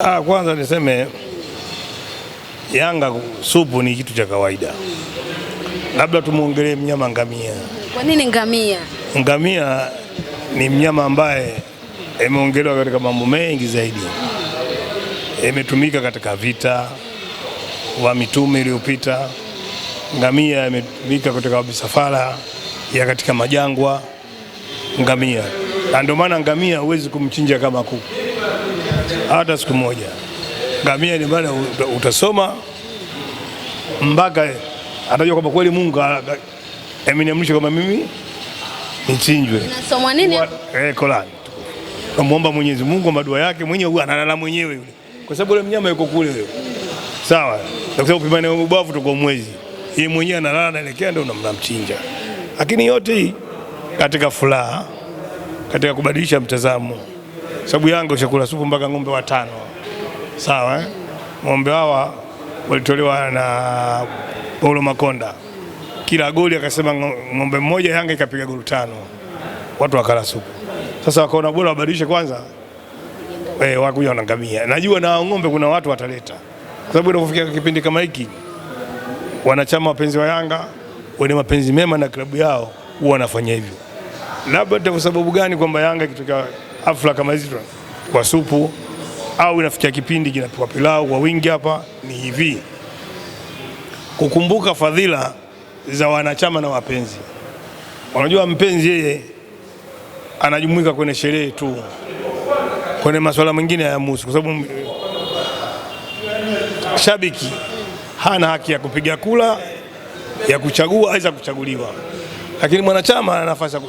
Ah, kwanza niseme Yanga supu ni kitu cha kawaida. Labda tumuongelee mnyama ngamia. Kwa nini ngamia? Ngamia ni mnyama ambaye imeongelewa katika mambo mengi zaidi, imetumika katika vita wa mitume iliyopita, ngamia imetumika katika misafara ya katika majangwa, ngamia. Na ndio maana ngamia huwezi kumchinja kama kuku hata siku moja. Ngamia ni maana utasoma mpaka atajua kwamba kweli Mungu ameniamrisha kwamba mimi nichinjwe. Unasoma nini? Eh, Korani. Namuomba Mwenyezi Mungu madua yake mwenyewe, huyu analala mwenyewe yule, kwa sababu yule mnyama yuko kule yule. Sawa, pima na ubavu tu kwa mwezi, yeye mwenyewe analala anaelekea, ndio unamchinja. Lakini yote hii katika furaha, katika kubadilisha mtazamo sababu Yanga ushakula supu mpaka ng'ombe watano, sawa eh? Ng'ombe hawa walitolewa na Paulo Makonda, kila goli akasema ng'ombe mmoja, Yanga ikapiga goli tano, watu wakala supu. Sasa wakaona bora wabadilishe kwanza, eh, wakuja na ngamia. Najua na ng'ombe kuna watu wataleta, kwa sababu inapofikia kipindi kama hiki, wanachama wapenzi wa Yanga wenye mapenzi mema na klabu yao huwa wanafanya hivyo, labda kwa sababu gani? Kwamba Yanga ikitokea afla kama hizi kwa supu, au inafikia kipindi kinapikwa pilau kwa wingi. Hapa ni hivi kukumbuka fadhila za wanachama na wapenzi. Unajua mpenzi yeye anajumuika kwenye sherehe tu, kwenye masuala mengine hayamuhusu, kwa sababu shabiki hana haki ya kupiga kula ya kuchagua aiza kuchaguliwa, lakini mwanachama ana nafasi ya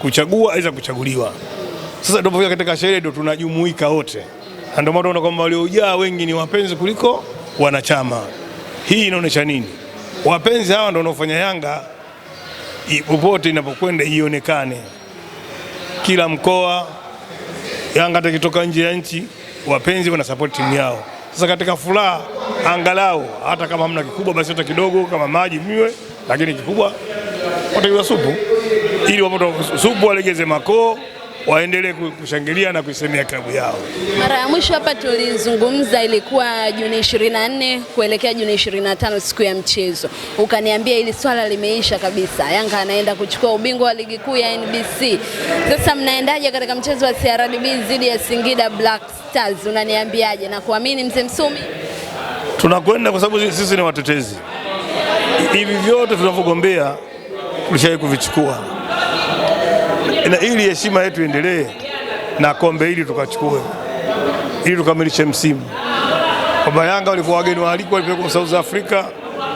kuchagua aiza kuchaguliwa. Sasa tunapofika katika sherehe ndio tunajumuika wote, na ndio maana tunaona kwamba waliojaa wengi ni wapenzi kuliko wanachama. Hii inaonyesha nini? Wapenzi hawa ndio wanaofanya Yanga popote inapokwenda ionekane, kila mkoa. Yanga atakitoka nje ya nchi, wapenzi wana support timu yao. Sasa katika furaha, angalau hata kama hamna kikubwa, basi hata kidogo kama maji mwe lakini kikubwa watakiwa supu, ili supu walegeze makoo waendelee kushangilia na kuisemea klabu yao. Mara ya mwisho hapa tulizungumza ilikuwa Juni 24 kuelekea Juni 25 siku ya mchezo, ukaniambia ili swala limeisha kabisa, Yanga anaenda kuchukua ubingwa wa ligi kuu ya NBC. Sasa mnaendaje katika mchezo wa CRDB dhidi ya Singida Black Stars? Unaniambiaje na kuamini mzee Msumi? Tunakwenda kwa sababu sisi ni watetezi, hivi vyote tunavyogombea tulishawahi kuvichukua ina, ili heshima yetu endelee na kombe hili tukachukue, ili tukamilishe msimu. Kwamba Yanga walikuwa wageni waalikwa, walipelekwa South Africa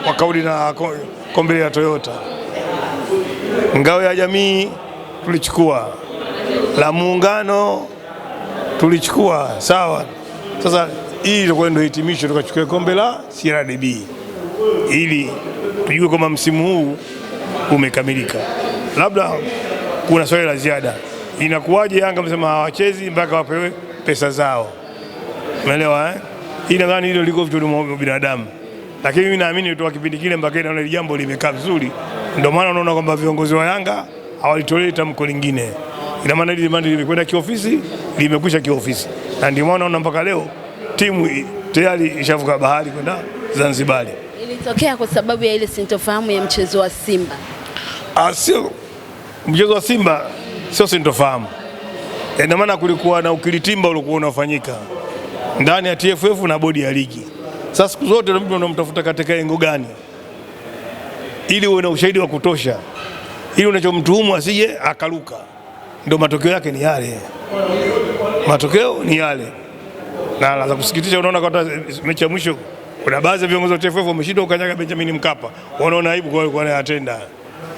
wakaudi na kombe la Toyota. Ngao ya jamii tulichukua, la muungano tulichukua, sawa. Sasa hii itakuwa ndio hitimisho, tukachukue kombe la CRDB ili tujue kwamba msimu huu umekamilika, labda kuna swali la ziada, inakuwaje Yanga msema hawachezi mpaka wapewe pesa zao? Umeelewa eh? Hii nadhani hilo liko vitu vya binadamu, lakini mimi naamini kutoka kipindi kile mpaka naona ile jambo limekaa vizuri, ndio maana unaona kwamba viongozi wa Yanga hawalitolei tamko lingine. Ina maana ile mandi limekwenda kiofisi, limekwisha kiofisi, na ndio maana unaona mpaka leo timu tayari ishavuka bahari kwenda Zanzibar. Ilitokea kwa sababu ya ile sintofahamu ya mchezo wa Simba, ah, sio mchezo wa Simba sio sintofahamu, e, ndio maana kulikuwa na ukilitimba ulikuwa unafanyika ndani ya TFF na bodi ya ligi. Sasa siku zote mtu unamtafuta katika engo gani, ili uwe na ushahidi wa kutosha, ili unachomtuhumu asije akaluka. Ndio matokeo yake ni yale, matokeo ni yale, na za kusikitisha. Unaona kwa eh, mechi ya mwisho kuna baadhi ya viongozi wa TFF wameshindwa kukanyaga Benjamin Mkapa, wanaona aibu kwa kwa wanayatenda,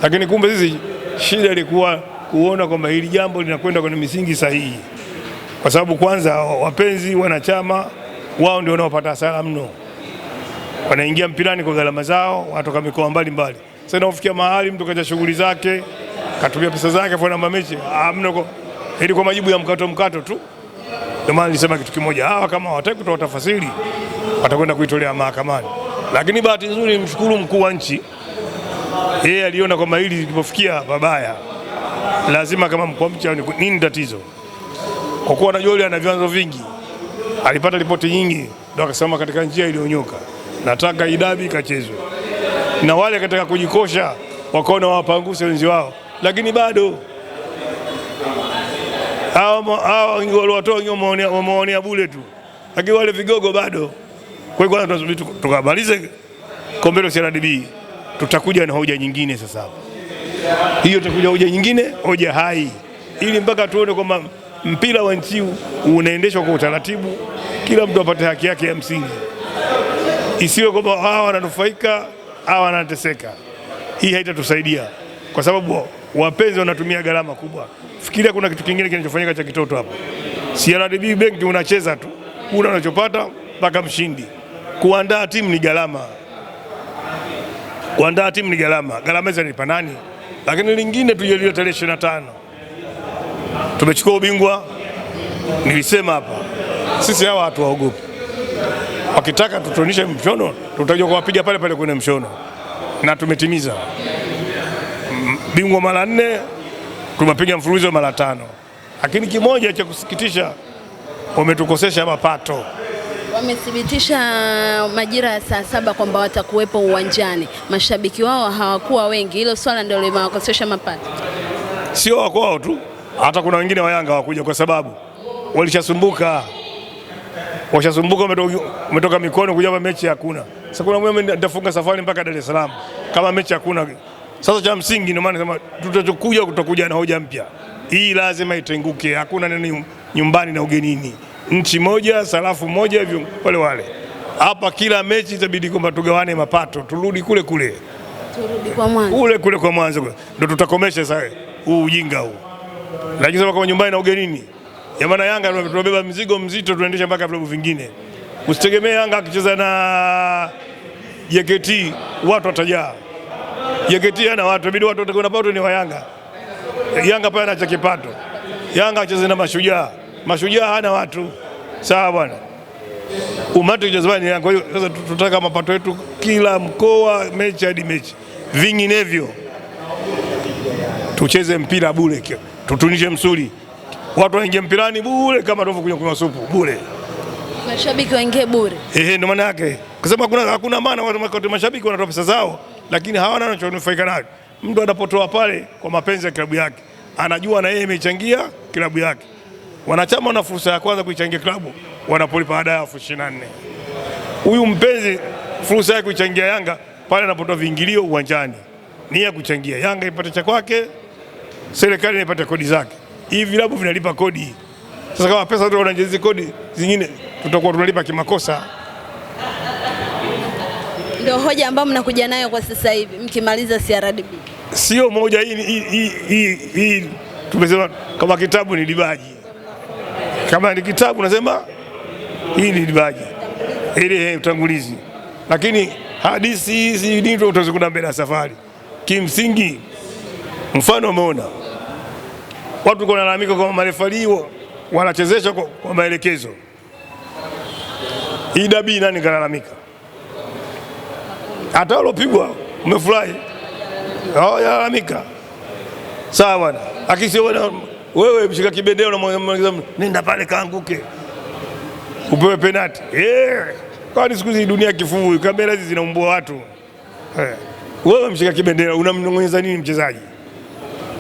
lakini kumbe sisi Shida ilikuwa kuona kwamba hili jambo linakwenda kwenye misingi sahihi, kwa sababu kwanza wapenzi wanachama wao ndio wanaopata hasara mno, wanaingia mpirani kwa gharama zao, wanatoka mikoa mbalimbali. Sasa inafikia mahali mtu kaja shughuli zake katumia pesa zake namba mechi amna ili kwa majibu ya mkato mkato tu. Ndio maana nilisema kitu kimoja, hawa kama hawataki kutoa tafasiri watakwenda kuitolea mahakamani, lakini bahati nzuri mshukuru mkuu wa nchi yeye aliona kwamba hili likipofikia babaya lazima kama mkoa mcha nini tatizo, kwa kuwa anajua yule ana vyanzo vingi, alipata ripoti nyingi, ndio akasema katika njia iliyonyoka. Nataka idabi ikachezwe na wale katika kujikosha wakaona wawapanguse wenzi wao, lakini bado hawa waliwatoa wameonea bule bure tu, lakini wale vigogo bado. Kwa hiyo kwanza kombe la CRDB tutakuja na hoja nyingine sasa Hiyo tutakuja hoja nyingine, hoja hai, ili mpaka tuone kwamba mpira wa nchi unaendeshwa kwa utaratibu, kila mtu apate haki yake ya msingi, isiwe kwamba hawa wananufaika hawa wanateseka. Hii haitatusaidia kwa sababu wapenzi wanatumia gharama kubwa. Fikiria kuna kitu kingine kinachofanyika cha kitoto hapo. CRDB Bank unacheza tu, kuna unachopata mpaka mshindi. Kuandaa timu ni gharama kuandaa timu ni gharama, gharama hizo nilipa nani? Lakini lingine tulilio tarehe ishirini na tano tumechukua ubingwa. Nilisema hapa sisi hawa hatuwaogopi, wakitaka tutunishe mshono tutajua kuwapiga pale pale kwenye mshono, na tumetimiza bingwa mara nne, tumepiga mfululizo mara tano, lakini kimoja cha kusikitisha wametukosesha mapato. Wamethibitisha majira ya saa saba kwamba watakuwepo uwanjani. Mashabiki wao hawakuwa wengi, hilo swala ndio limewakosesha mapato, sio wako wao tu, hata kuna wengine wa Yanga hawakuja kwa sababu walishasumbuka, washasumbuka, umetoka mikono kuja hapa, mechi hakuna. Sasa kuna mwe nitafunga safari mpaka Dar es Salaam kama mechi hakuna. Sasa cha msingi ndio maana sema tutachokuja, kutakuja na hoja mpya, hii lazima itenguke, hakuna neno nyumbani na ugenini nchi moja, sarafu moja, hivyo wale wale. Hapa kila mechi itabidi kwamba tugawane mapato, turudi kule kule turudi kwa mwanzo, kule kule kwa mwanzo, ndio tutakomesha sasa huu ujinga huu. Lakini sema kwa nyumbani na ugenini, ya maana Yanga tunabeba mzigo mzito, tunaendesha mpaka vilabu vingine. Usitegemee Yanga akicheza na JKT watu watajaa. JKT ana watu, inabidi watu watakuwa na pato ni wa Yanga. Yanga pale anacha kipato. Yanga acheze na Mashujaa mashujaa hana watu. Sawa bwana, umati ujazabani yangu. Kwa hiyo sasa tunataka mapato yetu kila mkoa, mechi hadi mechi, vinginevyo tucheze mpira bure, tutunishe msuri watu waingie mpirani bure, kama tunavyokunywa kunywa supu bure, mashabiki waingie bure. Ehe, ndio maana yake, kwa sababu hakuna maana watu mashabiki wanatoa pesa zao, lakini hawana wanachonufaika nayo Mtu anapotoa pale kwa mapenzi ya klabu yake, anajua na yeye imechangia klabu yake. Wanachama wana fursa ya kwanza kuichangia klabu wanapolipa ada ya elfu ishirini na nne. Huyu mpenzi fursa ya kuichangia Yanga pale anapotoa viingilio uwanjani ni ya kuchangia Yanga ipate cha kwake, serikali inapata kodi zake. Hivi vilabu vinalipa kodi. Sasa kama pesa ndio wanajezi kodi zingine, tutakuwa tunalipa kimakosa. Ndio hoja ambayo mnakuja nayo kwa sasa hivi mkimaliza CRDB. Sio moja hii hii hii, hii tumesema kama kitabu ni libaji. Kama ni kitabu nasema hii ni dibaji ili utangulizi, lakini hadithi hizi ndio utazikuta mbele ya safari. Kimsingi, mfano umeona watu wanalalamika kwa marefalio wanachezesha kwa, kwa maelekezo. Hii dabi nani kalalamika? Hata walopigwa umefurahi, yalalamika sawa, lakini sio wewe mshika kibendeo mwanamke nenda pale kaanguke upewe penati eh. Kwani siku hizi dunia kifuu, kamera hizi zinaumbua watu eh. Wewe mshika kibendeo unamnong'onyeza nini mchezaji?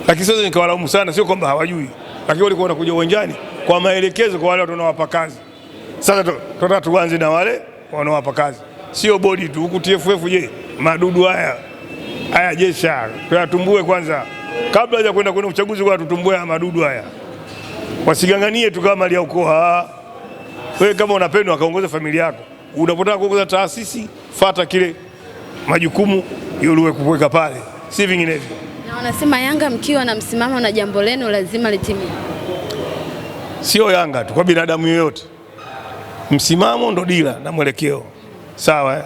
Lakini sasa nikawalaumu sana, sio kwamba hawajui, lakini walikuwa wanakuja uwanjani kwa maelekezo kwa wale watu wanaowapa kazi. Sasa tunataka tuanze na wale wanaowapa kazi, sio bodi tu huku TFF. Je, madudu haya haya jesha tuyatumbue kwanza kabla ya kwenda kwenye uchaguzi kwa tutumbue madudu haya, wasiganganie tu kama mali ya ukoo. Wewe kama unapendwa akaongoza familia yako, unapotaka kuongoza taasisi fata kile majukumu yule kuweka pale, si vinginevyo. Na wanasema Yanga mkiwa na msimamo na jambo lenu lazima litimie. Sio Yanga tu, kwa binadamu yoyote msimamo ndo dira na mwelekeo, sawa eh?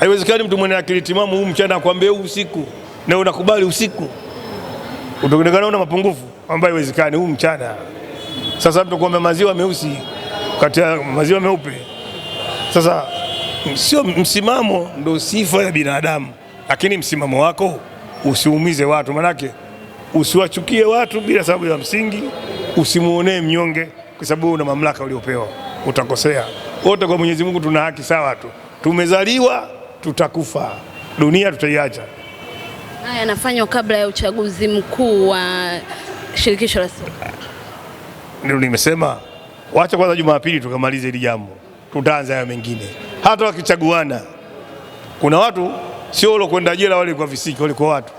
Haiwezekani mtu mwenye akili timamu huu mchana akwambie usiku na unakubali usiku Utakutana una mapungufu ambayo haiwezekani huu mchana. Sasa mtu maziwa meusi kati ya maziwa meupe. Sasa sio msimamo ndo sifa ya binadamu, lakini msimamo wako usiumize watu, manake usiwachukie watu bila sababu ya msingi, usimuonee mnyonge kwa sababu una mamlaka uliopewa. Utakosea wote. Kwa Mwenyezi Mungu tuna haki sawa tu, tumezaliwa, tutakufa, dunia tutaiacha haya yanafanywa kabla ya uchaguzi mkuu wa shirikisho la soka. Ndio nimesema wacha kwanza Jumapili tukamalize hili jambo, tutaanza haya mengine. Hata wakichaguana, kuna watu sio wale kwenda jela, wale kwa visiki, wale kwa watu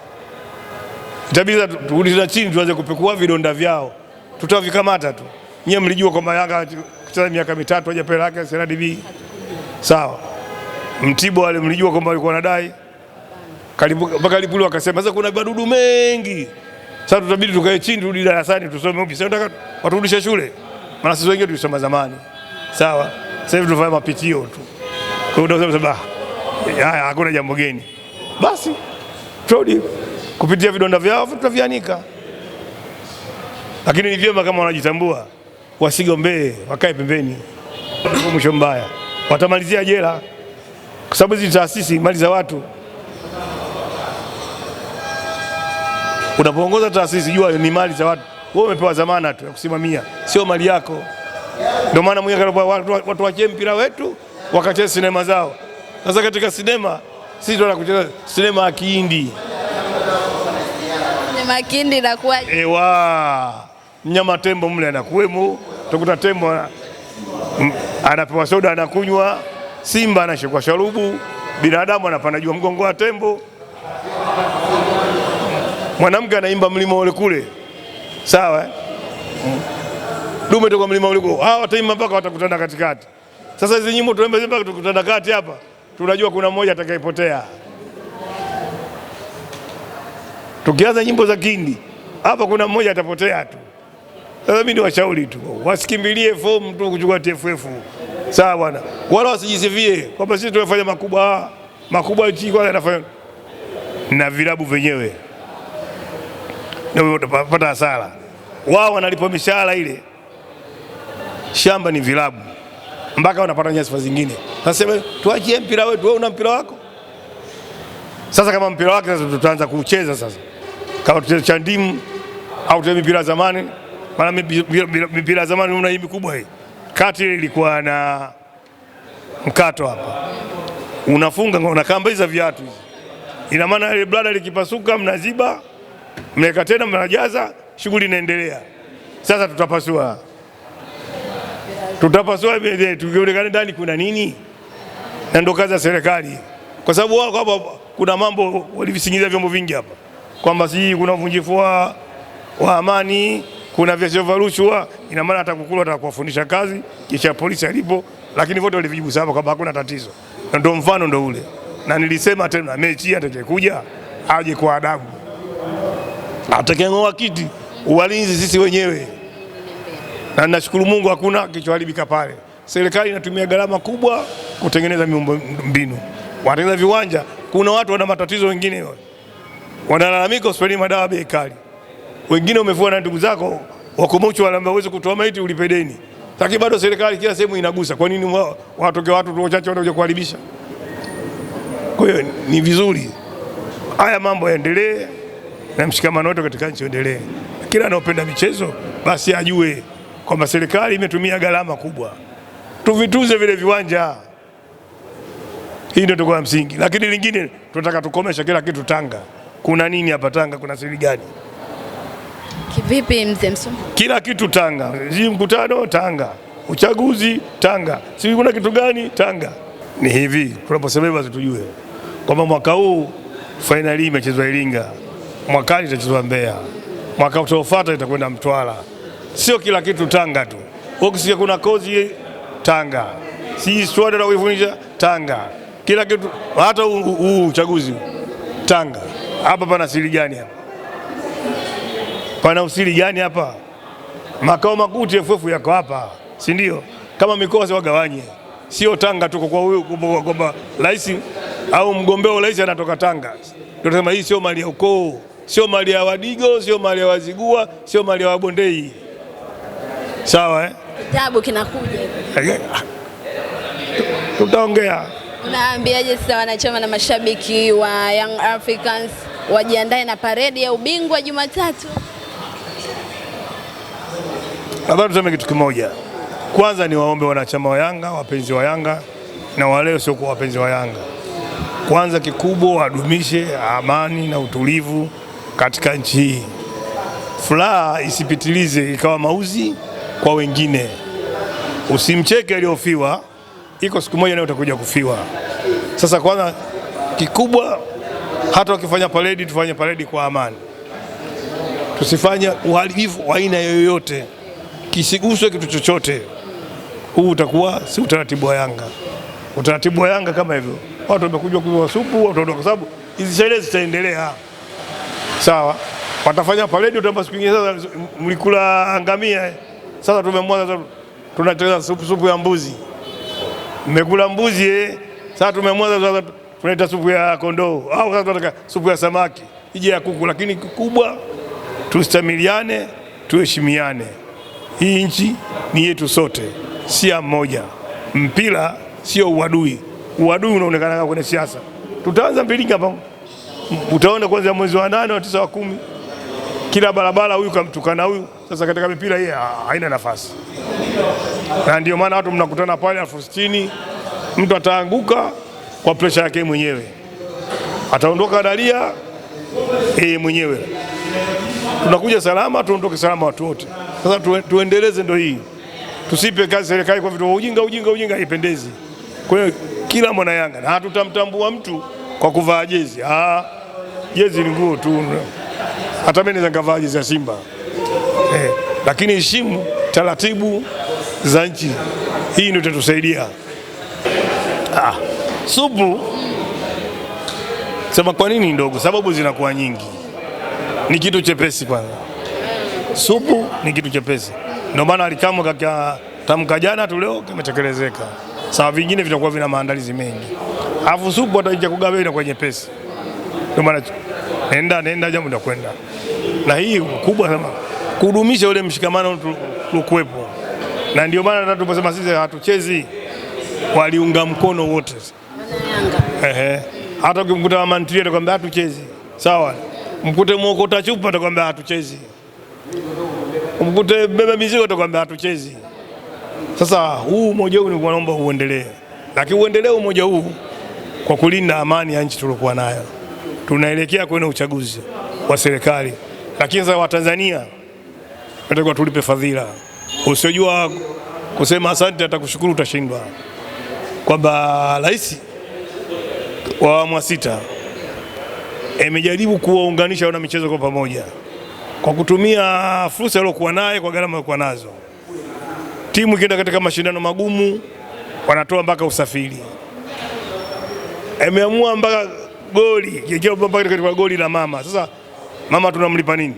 itabidi turudi na chini tuanze kupekua vidonda vyao, tutavikamata tu. Nyie mlijua kwamba Yanga kucheza miaka mitatu hajapewa yake seradi B, sawa? Mtibwa wale mlijua kwamba walikuwa wanadai karibu mpaka sasa kuna madudu mengi, sasa tutabidi tukae chini, turudi darasani tusome upya. Sasa nataka waturudishe shule, maana sisi wengine tulisoma zamani, sawa. Sasa hivi tunafanya mapitio tu, kwa hiyo haya, hakuna jambo geni, basi turudi kupitia vidonda vyao tutavianika. Lakini ni vyema kama wanajitambua wasigombee, wakae pembeni, mwisho mbaya watamalizia jela, kwa sababu hizi taasisi mali za watu Unapoongoza taasisi jua ni mali za watu, wewe umepewa zamana tu ya kusimamia, sio mali yako. Ndio maana watu, watu wachee mpira wetu wakachee sinema zao. Sasa katika sinema sisi tunataka kucheza sinema ya Kihindi. Sinema ya Kihindi inakuwaje? Ewa, mnyama tembo mle anakuwemo, tukuta tembo anapewa soda anakunywa, simba anashikwa sharubu, binadamu anapanda juu mgongo wa tembo mwanamke anaimba mlima ule kule, sawa eh? dume toka mlima ule kule, hao wataimba mpaka watakutana katikati. Sasa hizi nyimbo tunaimba mpaka tukutana kati hapa, tunajua kuna mmoja atakayepotea. Tukianza nyimbo za kindi hapa, kuna mmoja atapotea tu. Sasa mimi ni washauri tu, wasikimbilie fomu tu kuchukua TFF, sawa bwana, wala wasijisifie kwamba sisi tumefanya makubwa. Makubwa nchi kwanza anafanya na vilabu vyenyewe ndio utapata hasara. Wao wanalipwa mishahara ile, shamba ni vilabu, mpaka wanapata nyasifa zingine. Sasa tuachie mpira wetu, wewe una mpira wako. Sasa kama mpira wake sasa tutaanza kucheza sasa, kama tucheze cha ndimu au tucheze mipira zamani, maana mipira zamani una hii mikubwa hii kati ilikuwa na mkato hapa, unafunga unakambaiza viatu hizi, ina maana ile blada likipasuka mnaziba mnaweka tena, mnajaza, shughuli inaendelea. Sasa tutapasua, tutapasua tukionekana ndani kuna nini, na ndo kazi ya serikali, kwa sababu wao hapa kuna mambo walivisingizia vyombo vingi hapa kwamba si kuna uvunjifu wa amani, kuna vyasio vya rushwa. Ina maana atakukula atakuwafundisha kazi jeshi la polisi alipo, lakini vote walivijibu sawa kwamba hakuna tatizo, na ndio mfano ndio ule, na nilisema tena mechi atakayekuja aje kwa adabu atakeng'oa kiti uwalinzi sisi wenyewe, na nashukuru Mungu hakuna kilichoharibika pale. Serikali inatumia gharama kubwa kutengeneza miundo mbinu, wanatengeneza viwanja. Kuna watu wana matatizo, wengine wanalalamika hospitali madawa bei kali, wengine umevua na ndugu zako wakumuchu wala hawezi kutoa maiti, ulipe deni. Lakini bado serikali kila sehemu inagusa. Kwa nini watoke watu wachache wanakuja kuharibisha? Kwa hiyo ni vizuri haya mambo yaendelee na mshikamano wetu katika nchi uendelee. Kila anaopenda michezo basi ajue kwamba serikali imetumia gharama kubwa, tuvitunze vile viwanja. Hii ndio tukua msingi, lakini lingine tunataka tukomesha kila kitu Tanga. Kuna nini hapa Tanga? Kuna siri gani? Kivipi mzee Kila kitu Tanga, hii mkutano Tanga, uchaguzi Tanga, si kuna kitu gani Tanga? Ni hivi tunaposema hivyo, tujue kwamba mwaka huu fainali imechezwa Iringa mwakani itachezwa Mbeya, mwaka utaofuata itakwenda Mtwara. Sio kila kitu Tanga tu. Ukisikia kuna kozi Tanga, si swada la kuifunisha Tanga, kila kitu, hata huu uchaguzi Tanga. Hapa pana siri gani? Hapa pana usiri gani? Hapa makao makuu TFF yako hapa, si ndio? Kama mikoa siwagawanye sio Tanga tu, kwa huyu kwamba rais au mgombea wa rais anatoka Tanga, ndio tunasema hii sio mali ya ukoo sio mali ya Wadigo, sio mali ya Wazigua, sio mali ya Wabondei. Sawa eh? Kitabu kinakuja eh, Tutaongea. Unaambiaje sasa wanachama na mashabiki wa Young Africans wajiandae na paredi ya ubingwa Jumatatu? Labda tuseme kitu kimoja. Kwanza ni waombe wanachama wa Yanga, wapenzi wa Yanga na wale wasiokuwa wapenzi wa Yanga, kwanza kikubwa wadumishe amani na utulivu katika nchi hii. Furaha isipitilize ikawa mauzi kwa wengine. Usimcheke aliyofiwa, iko siku moja nayo utakuja kufiwa. Sasa kwanza, kikubwa hata wakifanya paredi, tufanye paredi kwa amani, tusifanye uharibifu wa aina yoyote, kisiguswe kitu chochote. Huu utakuwa si utaratibu wa Yanga. Utaratibu wa Yanga kama hivyo, watu wamekuja kunywa supu, watu kwa sababu hizi sherehe zitaendelea. Sawa, watafanya paredi utaomba siku nyingine. Sasa mlikula ngamia, eh? sasa tumemwaga, tunatengeneza supu, supu ya mbuzi. Mmekula mbuzi eh, sasa tumemwaga, sasa tunaita supu ya kondoo, au sasa tunataka supu ya samaki ije ya kuku. Lakini kikubwa tustamiliane, tuheshimiane. Hii nchi ni yetu sote, si ya mmoja. Mpira sio uadui. Uadui unaonekana kwenye siasa, tutaanza mpilinga pamoja utaona kwanza mwezi wa nane wa tisa wa kumi kila barabara huyu kamtukana huyu. Sasa katika mipira hii ah, haina nafasi, na ndio maana watu mnakutana pale elfu sitini. Mtu ataanguka kwa presha yake mwenyewe, ataondoka daria yeye mwenyewe. Tunakuja salama, tuondoke salama watu wote. Sasa tuendeleze ndo hii, tusipe kazi serikali kwa vitu ujinga ujinga ujinga, haipendezi. Kwa hiyo kila mwana Yanga na hatutamtambua mtu kwa kuvaa jezi ah jezi ni nguo tu, hata mimi naweza nikavaa jezi ya Simba eh, lakini heshimu taratibu za nchi hii, ndio itatusaidia. Ah, supu sema kwa nini ndogo? Sababu zinakuwa nyingi, ni kitu chepesi kwanza. Supu ni kitu chepesi, ndio maana alikamwa kaka tamka jana tu, leo kimetekelezeka. Sawa, vingine vitakuwa vina maandalizi mengi, alafu supu hata ikikugawa inakuwa nyepesi ndio maana nenda nenda jambo kwenda na hii kubwa sana kudumisha ule mshikamano uliokuwepo, na ndio maana tunaposema sisi hatuchezi, waliunga mkono wote. Ehe, hata ukimkuta mama ntilie atakwambia hatuchezi, sawa. Mkute mwokota chupa atakwambia hatuchezi, mkute bebe mizigo atakwambia hatuchezi. Sasa huu umoja huu nilikuwa naomba uendelee, lakini uendelee umoja huu kwa kulinda amani ya nchi tuliokuwa nayo tunaelekea kwenye uchaguzi wa serikali, lakini sasa Watanzania natakiwa tulipe fadhila. Usiojua kusema asante atakushukuru utashindwa, kwamba rais wa awamu sita imejaribu kuwaunganisha wana michezo kwa pamoja kwa kutumia fursa aliyokuwa naye kwa gharama aliyokuwa nazo. Timu ikienda katika mashindano magumu wanatoa mpaka usafiri, ameamua mpaka goli mpaka katika goli la mama. Sasa mama tunamlipa nini?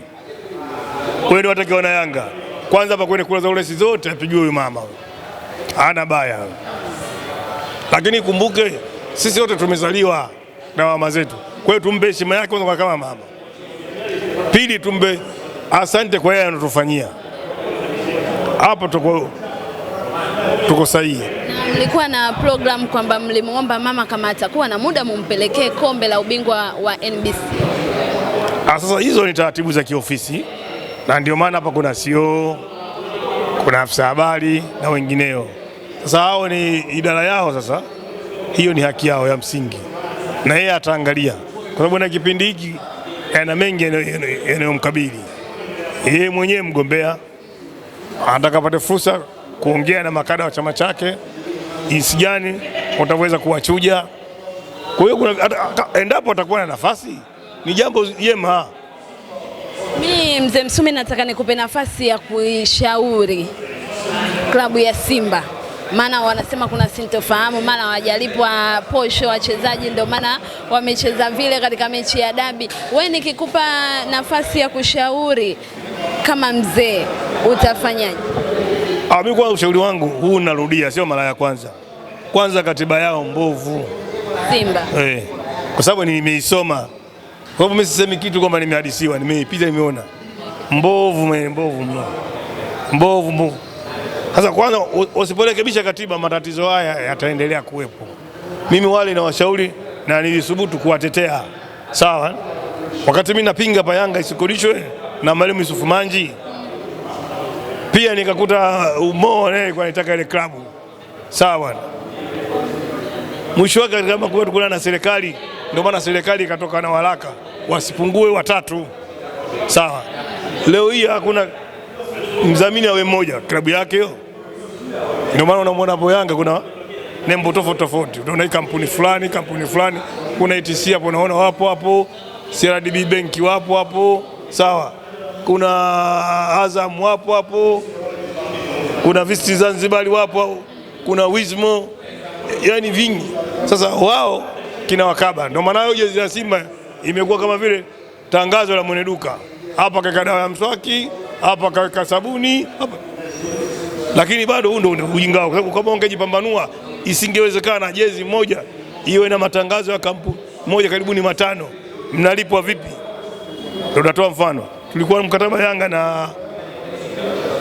ndio unatakiwa na Yanga kwanza hapa kwenye kula za urais zote apigwe huyu mama, hana baya. Lakini kumbuke sisi wote tumezaliwa na mama zetu, kwa hiyo tumpe heshima yake kwanza kama mama, pili tumpe asante kwa yeye anatufanyia. Hapo tuko, tuko sahihi mlikuwa na program kwamba mlimwomba mama kama atakuwa na muda mumpelekee kombe la ubingwa wa NBC. Ah, sasa hizo ni taratibu za kiofisi na ndio maana hapa kuna CEO, kuna afisa habari na wengineo. Sasa hao ni idara yao, sasa hiyo ni haki yao ya msingi, na yeye ataangalia, kwa sababu na kipindi hiki ana mengi yanayomkabili yeye mwenyewe mgombea, anataka apate fursa kuongea na makada wa chama chake jinsi gani wataweza kuwachuja. Kwa hiyo endapo atakuwa na nafasi, ni jambo jema. Mi mzee Msumi, nataka nikupe nafasi ya kuishauri klabu ya Simba, maana wanasema kuna sintofahamu, maana hawajalipwa posho wachezaji, ndio maana wamecheza vile katika mechi ya dabi. we nikikupa nafasi ya kushauri kama mzee, utafanyaje? Mimi ah, kwa ushauri wangu huu narudia, sio mara ya kwanza. Kwanza katiba yao mbovu Simba eh, kwa sababu nimeisoma. Kwa hivyo mimi sisemi kitu kwamba nimehadisiwa, nimeipita, nimeona mbovu, mbovu mno, mbovu mbovu. Sasa kwanza usiporekebisha katiba, matatizo haya yataendelea kuwepo. Mimi wale na washauri na nilisubutu kuwatetea sawa, wakati mimi napinga pa Yanga isikodishwe na Mwalimu Yusuf Manji pia nikakuta Umoo uh, eh, naye alikuwa anataka ile klabu. Sawa bwana, mwisho wake kama kwa na serikali, ndio maana serikali ikatoka na waraka wasipungue watatu. Sawa, leo hii hakuna mdhamini awe mmoja klabu yake hiyo. Ndio maana unamwona hapo Yanga kuna nembo tofauti tofauti, unaona hii kampuni fulani kampuni fulani, kuna ATC hapo, unaona wapo hapo, CRDB benki wapo hapo, sawa kuna Azam wapo hapo, kuna Visti Zanzibari wapo, kuna wizmo yani vingi. Sasa wao kina wakaba, ndio maana jezi ya Simba imekuwa kama vile tangazo la mwenye duka, hapa kaweka dawa ya mswaki, hapa kaweka sabuni hapa. Lakini bado huu ndio ujinga wao, kama ungejipambanua isingewezekana jezi moja iwe na matangazo ya kampuni moja karibuni matano. Mnalipwa vipi? Ndio natoa mfano tulikuwa na mkataba Yanga na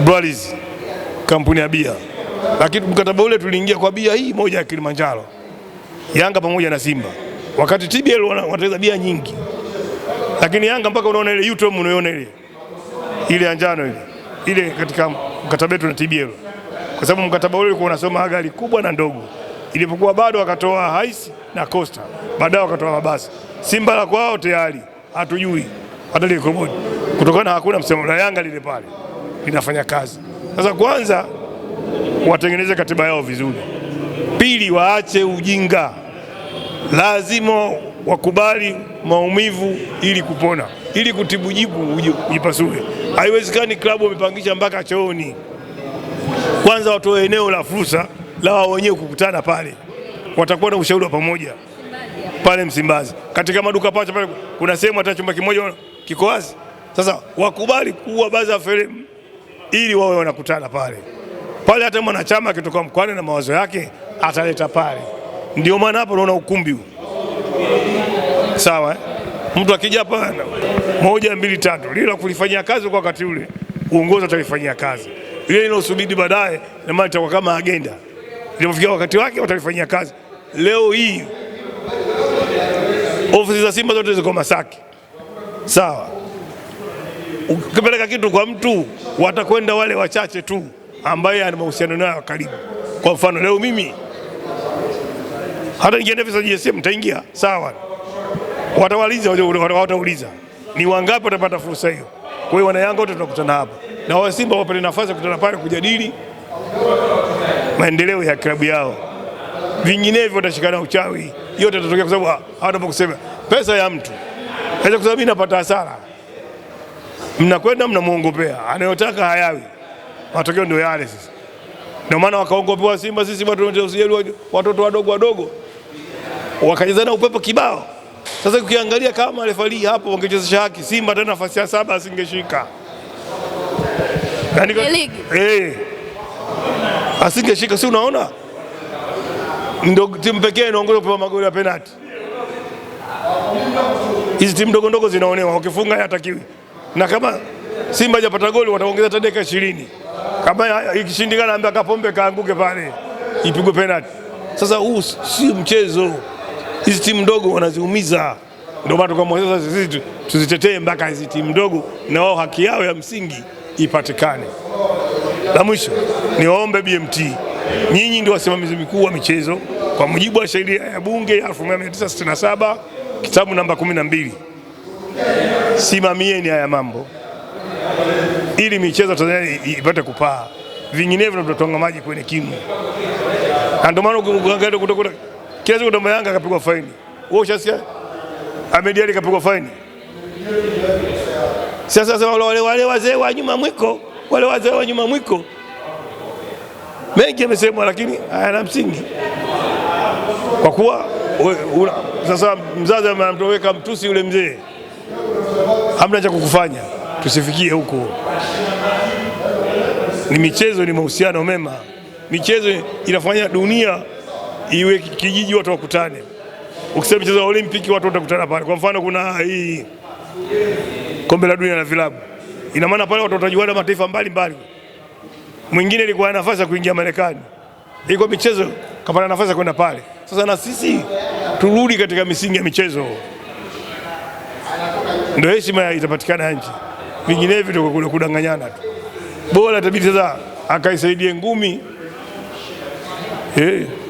Brothers kampuni ya bia, lakini mkataba ule tuliingia kwa bia hii moja ya Kilimanjaro, Yanga pamoja na Simba, wakati TBL wanateza bia nyingi, lakini Yanga mpaka unaona ile YouTube unaiona ile ile ya njano ile ile katika mkataba wetu na TBL, kwa sababu mkataba ule ulikuwa unasoma gari kubwa na ndogo. Ilipokuwa bado wakatoa haisi na Costa, baadaye wakatoa mabasi. Simba la kwao tayari hatujui hata ile kutokana hakuna msemo na Yanga lile pale linafanya kazi. Sasa kwanza watengeneze katiba yao vizuri, pili waache ujinga, lazima wakubali maumivu ili kupona, ili kutibujibu ujipasue. Haiwezekani klabu wamepangisha mpaka chooni. Kwanza watoe eneo la fursa la wao wenyewe kukutana pale, watakuwa na ushauri wa pamoja pale Msimbazi, katika maduka pacha pale kuna sehemu hata chumba kimoja kiko wazi sasa wakubali kuwa baadhi ya fremu ili wawe wanakutana pale pale, hata mwanachama akitoka mkoani na mawazo yake ataleta pale. Ndio maana hapo unaona ukumbi huu sawa eh? Mtu akija hapa moja mbili tatu, lile la kulifanyia kazi kwa wakati ule uongozi atalifanyia kazi, ile inaosubidi baadaye, na maana itakuwa kama agenda, ilipofikia wakati wake watalifanyia kazi. Leo hii ofisi za Simba zote ziko Masaki, sawa Ukipeleka kitu kwa mtu, watakwenda wale wachache tu ambaye ana mahusiano nayo karibu. Kwa mfano leo mimi hata nikienda visa GSM taingia sawa, watawaliza watauliza ni wangapi watapata fursa hiyo. Kwa hiyo wana Yanga wote tunakutana hapa na wa Simba wapate nafasi ya kutana pale kujadili maendeleo ya klabu yao, vinginevyo watashikana uchawi. Yote atatokea kwa sababu hawatapokusema Pesa ya mtu naweza kusema mimi napata hasara mnakwenda mnamwongopea, anayotaka hayawi, matokeo ndio yale. sisi ndio maana wakaongopewa Simba, sisi watoto wadogo wadogo wakachezana upepo kibao. Sasa ukiangalia kama refali hapo wangechezesha haki, Simba tena nafasi ya saba asingeshika yaani eh, asingeshika. Si unaona ndio timu pekee inaongoza kupewa magoli ya penalti. Hizi timu ndogo ndogo zinaonewa, ukifunga hatakiwi na kama Simba hajapata goli wataongeza hata dakika ishirini. Kama ikishindikana, ambia Kapombe kaanguke pale ipigwe penalti. Sasa huu si mchezo, hizi timu ndogo wanaziumiza. Ndio maana sasa sisi tuzitetee mpaka hizi timu ndogo na wao haki yao ya msingi ipatikane. La mwisho niwaombe BMT, nyinyi ndio wasimamizi mkuu wa michezo kwa mujibu wa sheria ya Bunge ya 1967 kitabu namba 12 simamieni haya mambo ili michezo Tanzania ipate kupaa, vinginevyo tutatonga maji kwenye kinu. Na ndio maana ukiangalia kutokuta kila siku Dodoma Yanga kapigwa faini, wewe ushasikia Ahmed Ally kapigwa faini. Sasa sasa wale wale wazee wa nyuma mwiko, wale wazee wa nyuma mwiko mengi yamesemwa, lakini hayana msingi kwa kuwa sasa mzazi anamtoweka mtusi yule mzee hamna cha kukufanya, tusifikie huko. Ni michezo, ni mahusiano mema. Michezo inafanya dunia iwe kijiji, watu wakutane. Ukisema michezo ya Olimpiki watu watakutana pale. Kwa mfano, kuna hii kombe la dunia la vilabu, ina maana pale watu watajuana mataifa mbalimbali. Mwingine alikuwa na nafasi ya kuingia Marekani, iko michezo kapata nafasi ya kwenda pale. Sasa na sisi turudi katika misingi ya michezo ndio heshima itapatikana nje, vinginevyo kuna kudanganyana tu. Bora tabidi sasa akaisaidia ngumi eh.